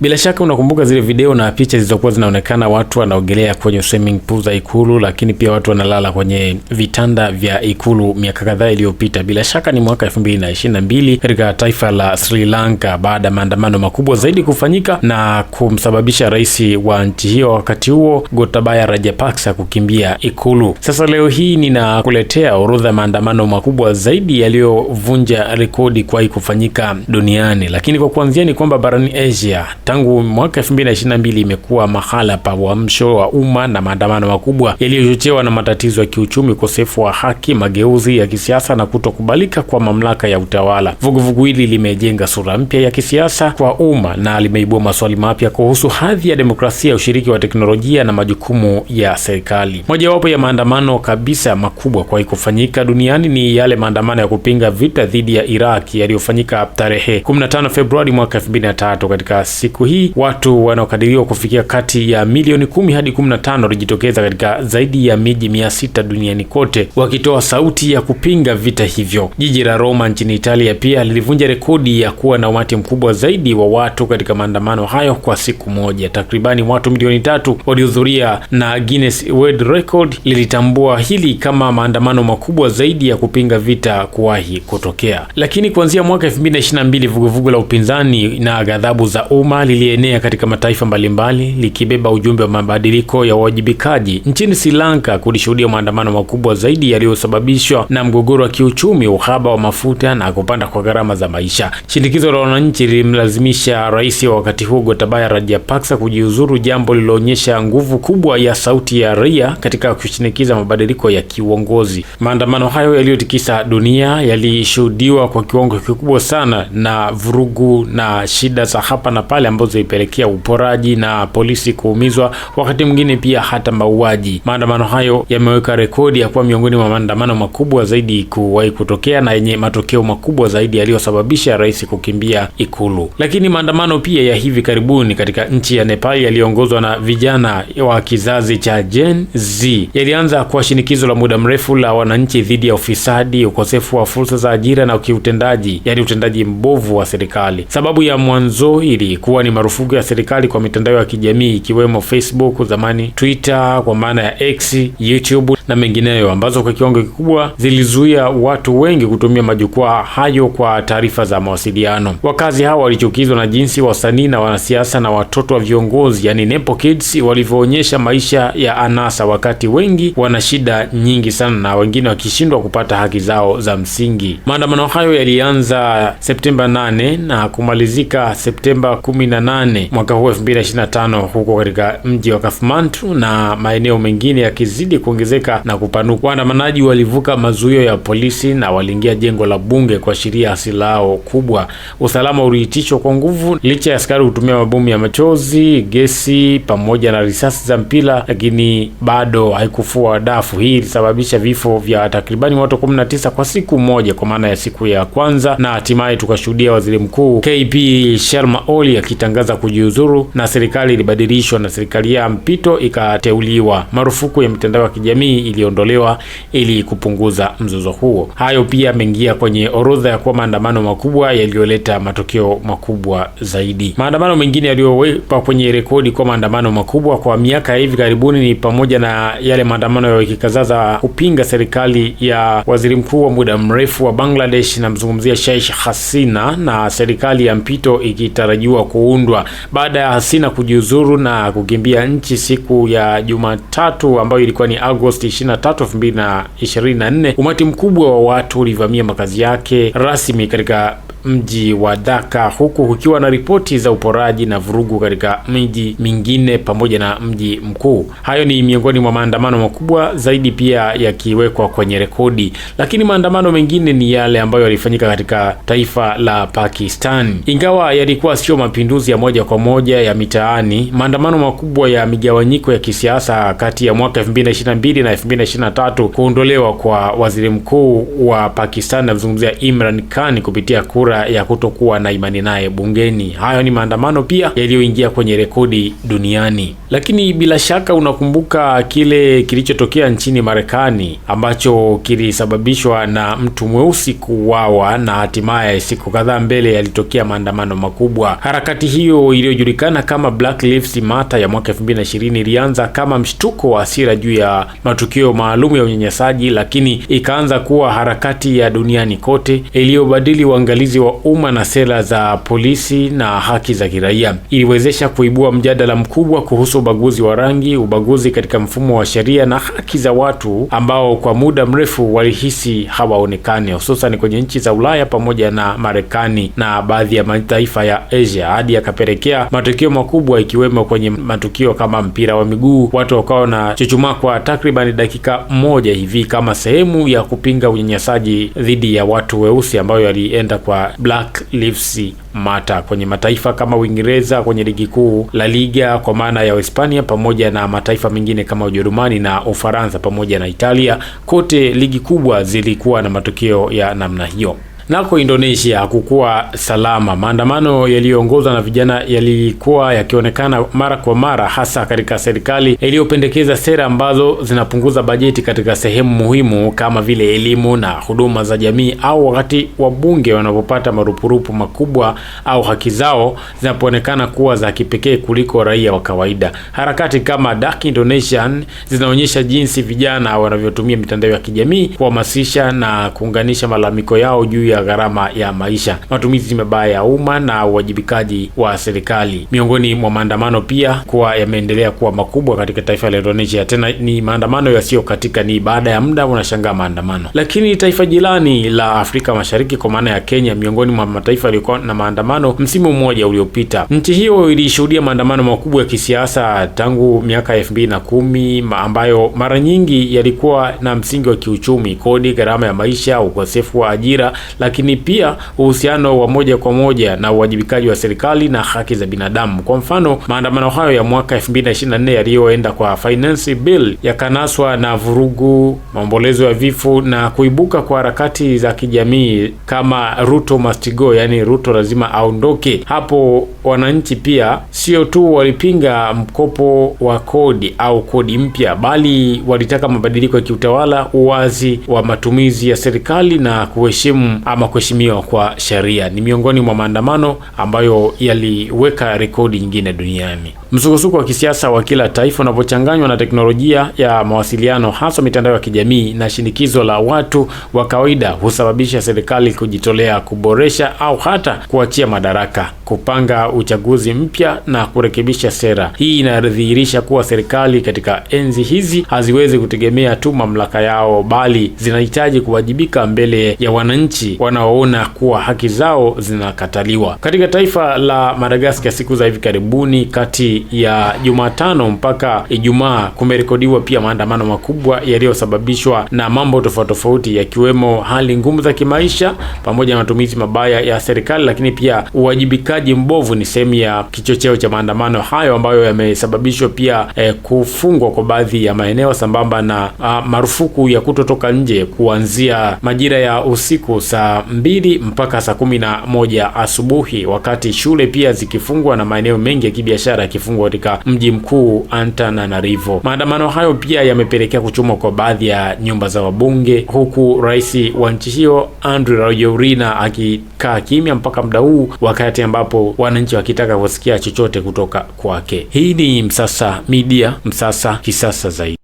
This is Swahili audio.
Bila shaka unakumbuka zile video na picha zilizokuwa zinaonekana watu wanaogelea kwenye swimming pool za Ikulu, lakini pia watu wanalala kwenye vitanda vya Ikulu miaka kadhaa iliyopita. Bila shaka ni mwaka 2022 katika taifa la Sri Lanka, baada ya maandamano makubwa zaidi kufanyika na kumsababisha rais wa nchi hiyo wakati huo Gotabaya Rajapaksa kukimbia Ikulu. Sasa leo hii ninakuletea orodha ya maandamano makubwa zaidi yaliyovunja rekodi kuwahi kufanyika duniani, lakini kwa kuanzia ni kwamba barani Asia Tangu mwaka 2022 imekuwa mahala pa uamsho wa umma na maandamano makubwa yaliyochochewa na matatizo ya kiuchumi, ukosefu wa haki, mageuzi ya kisiasa na kutokubalika kwa mamlaka ya utawala. Vuguvugu hili limejenga sura mpya ya kisiasa kwa umma na limeibua maswali mapya kuhusu hadhi ya demokrasia, ushiriki wa teknolojia na majukumu ya serikali. Mojawapo ya maandamano kabisa makubwa kwa kufanyika duniani ni yale maandamano ya kupinga vita dhidi ya Iraq yaliyofanyika tarehe 15 Februari mwaka 2023 katika siku siku hii watu wanaokadiriwa kufikia kati ya milioni kumi hadi kumi na tano walijitokeza katika zaidi ya miji mia sita duniani kote wakitoa sauti ya kupinga vita hivyo. Jiji la Roma nchini Italia pia lilivunja rekodi ya kuwa na umati mkubwa zaidi wa watu katika maandamano hayo kwa siku moja. Takribani watu milioni tatu walihudhuria na Guinness World Record lilitambua hili kama maandamano makubwa zaidi ya kupinga vita kuwahi kutokea. Lakini kuanzia mwaka 2022 vuguvugu la upinzani na ghadhabu za umma lilienea katika mataifa mbalimbali likibeba ujumbe wa mabadiliko ya uwajibikaji. Nchini Sri Lanka kulishuhudia maandamano makubwa zaidi yaliyosababishwa na mgogoro wa kiuchumi, uhaba wa mafuta na kupanda kwa gharama za maisha. Shinikizo la wananchi lilimlazimisha rais wa wakati huo Gotabaya Rajapaksa kujiuzuru, jambo lililoonyesha nguvu kubwa ya sauti ya raia katika kushinikiza mabadiliko ya kiuongozi. Maandamano hayo yaliyotikisa dunia yalishuhudiwa kwa kiwango kikubwa sana na vurugu na shida za hapa na pale ambazo zilipelekea uporaji na polisi kuumizwa, wakati mwingine pia hata mauaji. Maandamano hayo yameweka rekodi ya kuwa miongoni mwa maandamano makubwa zaidi kuwahi kutokea na yenye matokeo makubwa zaidi yaliyosababisha rais kukimbia Ikulu. Lakini maandamano pia ya hivi karibuni katika nchi ya Nepal yaliyoongozwa na vijana wa kizazi cha Gen Z yalianza kwa shinikizo la muda mrefu la wananchi dhidi ya ufisadi, ukosefu wa fursa za ajira na kiutendaji, yaani utendaji mbovu wa serikali. Sababu ya mwanzo ilikuwa ni marufuku ya serikali kwa mitandao ya kijamii ikiwemo Facebook, zamani Twitter kwa maana ya X, YouTube na mengineyo ambazo kwa kiwango kikubwa zilizuia watu wengi kutumia majukwaa hayo kwa taarifa za mawasiliano. Wakazi hao walichukizwa na jinsi wasanii na wanasiasa na watoto wa viongozi, yani nepo kids, walivyoonyesha maisha ya anasa, wakati wengi wana shida nyingi sana na wengine wakishindwa kupata haki zao za msingi. Maandamano hayo yalianza Septemba 8 na kumalizika Septemba 18 mwaka huu 2025 huko katika mji wa Kathmandu na maeneo mengine yakizidi kuongezeka haraka na kupanuka. Waandamanaji walivuka mazuio ya polisi na waliingia jengo la bunge kuashiria hasira yao kubwa. Usalama uliitishwa kwa nguvu licha ya askari kutumia mabomu ya machozi, gesi pamoja na risasi za mpira, lakini bado haikufua dafu. Hii ilisababisha vifo vya takribani watu tisa kwa siku moja, kwa maana ya siku ya kwanza, na hatimaye tukashuhudia waziri mkuu KP Sharma Oli akitangaza kujiuzuru na serikali ilibadilishwa na serikali ya mpito ikateuliwa. Marufuku ya mitandao ya kijamii iliondolewa ili kupunguza mzozo huo. Hayo pia yameingia kwenye orodha ya kuwa maandamano makubwa yaliyoleta matokeo makubwa zaidi. Maandamano mengine yaliyowekwa kwenye rekodi kwa maandamano makubwa kwa miaka ya hivi karibuni ni pamoja na yale maandamano ya wiki kadhaa za kupinga serikali ya waziri mkuu wa muda mrefu wa Bangladesh, namzungumzia Sheikh Hasina, na serikali ya mpito ikitarajiwa kuundwa baada ya Hasina kujiuzuru na kukimbia nchi siku ya Jumatatu ambayo ilikuwa ni Agosti 2023-2024 umati mkubwa wa watu ulivamia makazi yake rasmi katika mji wa Dhaka, huku kukiwa na ripoti za uporaji na vurugu katika miji mingine pamoja na mji mkuu. Hayo ni miongoni mwa maandamano makubwa zaidi, pia yakiwekwa kwenye rekodi, lakini maandamano mengine ni yale ambayo yalifanyika katika taifa la Pakistan. Ingawa yalikuwa sio mapinduzi ya moja kwa moja ya mitaani, maandamano makubwa ya migawanyiko ya kisiasa kati ya mwaka 2022 na 2023, kuondolewa kwa waziri mkuu wa Pakistan, namzungumzia Imran Khan, kupitia kura kura ya kutokuwa na imani naye bungeni. Hayo ni maandamano pia yaliyoingia kwenye rekodi duniani. Lakini bila shaka unakumbuka kile kilichotokea nchini Marekani ambacho kilisababishwa na mtu mweusi kuuawa na hatimaye siku kadhaa mbele yalitokea maandamano makubwa. Harakati hiyo iliyojulikana kama Black Lives Matter ya mwaka 2020 ilianza kama mshtuko wa hasira juu ya matukio maalum ya unyanyasaji, lakini ikaanza kuwa harakati ya duniani kote iliyobadili uangalizi wa umma na sera za polisi na haki za kiraia iliwezesha kuibua mjadala mkubwa kuhusu ubaguzi wa rangi, ubaguzi katika mfumo wa sheria na haki za watu ambao kwa muda mrefu walihisi hawaonekani, hususan kwenye nchi za Ulaya pamoja na Marekani na baadhi ya mataifa ya Asia, hadi yakapelekea matukio makubwa ikiwemo kwenye matukio kama mpira wa miguu, watu wakawa chuchuma kwa takribani dakika moja hivi kama sehemu ya kupinga unyanyasaji dhidi ya watu weusi ambayo yalienda kwa Black Lives Matter kwenye mataifa kama Uingereza kwenye ligi kuu La Liga kwa maana ya Hispania, pamoja na mataifa mengine kama Ujerumani na Ufaransa pamoja na Italia, kote ligi kubwa zilikuwa na matukio ya namna hiyo. Nako Indonesia hakukuwa salama. Maandamano yaliyoongozwa na vijana yalikuwa yakionekana mara kwa mara, hasa katika serikali iliyopendekeza sera ambazo zinapunguza bajeti katika sehemu muhimu kama vile elimu na huduma za jamii, au wakati wabunge wanapopata marupurupu makubwa au haki zao zinapoonekana kuwa za kipekee kuliko raia wa kawaida. Harakati kama Dark Indonesian zinaonyesha jinsi vijana wanavyotumia mitandao ya kijamii kuhamasisha na kuunganisha malalamiko yao juu ya ya gharama ya maisha, matumizi mabaya ya umma na uwajibikaji wa serikali. Miongoni mwa maandamano pia kuwa yameendelea kuwa makubwa katika taifa la Indonesia, tena ni maandamano yasiyokatika, ni baada ya muda unashangaa maandamano. Lakini taifa jirani la Afrika Mashariki kwa maana ya Kenya, miongoni mwa mataifa yaliyokuwa na maandamano msimu mmoja uliopita, nchi hiyo ilishuhudia maandamano makubwa ya kisiasa tangu miaka elfu mbili na kumi ambayo mara nyingi yalikuwa na msingi wa kiuchumi, kodi, gharama ya maisha, ukosefu wa ajira lakini pia uhusiano wa moja kwa moja na uwajibikaji wa serikali na haki za binadamu. Kwa mfano, maandamano hayo ya mwaka 2024 yaliyoenda kwa finance bill yakanaswa na vurugu, maombolezo ya vifo na kuibuka kwa harakati za kijamii kama Ruto must go, yani Ruto lazima aondoke. Hapo wananchi pia sio tu walipinga mkopo wa kodi au kodi mpya, bali walitaka mabadiliko ya kiutawala, uwazi wa matumizi ya serikali na kuheshimu ama kuheshimiwa kwa sheria ni miongoni mwa maandamano ambayo yaliweka rekodi nyingine duniani. Msukosuko wa kisiasa wa kila taifa unapochanganywa na teknolojia ya mawasiliano, hasa mitandao ya kijamii na shinikizo la watu wa kawaida, husababisha serikali kujitolea kuboresha au hata kuachia madaraka, kupanga uchaguzi mpya na kurekebisha sera. Hii inadhihirisha kuwa serikali katika enzi hizi haziwezi kutegemea tu mamlaka yao, bali zinahitaji kuwajibika mbele ya wananchi wanaoona kuwa haki zao zinakataliwa. Katika taifa la Madagaskar, siku za hivi karibuni, kati ya Jumatano mpaka Ijumaa, kumerekodiwa pia maandamano makubwa yaliyosababishwa na mambo tofauti tofauti, yakiwemo hali ngumu za kimaisha pamoja na matumizi mabaya ya serikali, lakini pia uwajibikaji mbovu ni sehemu ya kichocheo cha maandamano hayo ambayo yamesababishwa pia eh, kufungwa kwa baadhi ya maeneo sambamba na ah, marufuku ya kutotoka nje kuanzia majira ya usiku saa mbili mpaka saa kumi na moja asubuhi, wakati shule pia zikifungwa na maeneo mengi ya kibiashara yakifungwa katika mji mkuu Antananarivo. Maandamano hayo pia yamepelekea kuchomwa kwa baadhi ya nyumba za wabunge, huku rais wa nchi hiyo Andry Rajoelina akikaa kimya mpaka muda huu, wakati ambapo wananchi wakitaka kusikia chochote kutoka kwake. Hii ni Msasa Media, Msasa kisasa zaidi.